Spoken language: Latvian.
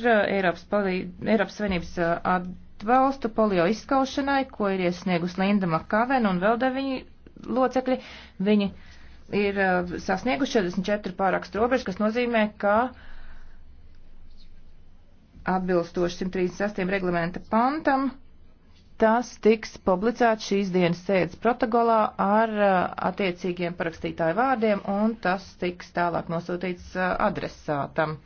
Ar eh, Eiropas, palī, Eiropas Savienības eh, atbalstu polio izskaušanai, ko ir iesniegus Linda Makavena un vēl deviņi locekļi, viņi ir eh, sasnieguši 44 pārakstu robežu, kas nozīmē, ka atbilstoši 136. reglamenta pantam tas tiks publicēts šīs dienas sēdes protokolā ar attiecīgiem parakstītāju vārdiem un tas tiks tālāk nosūtīts adresātam.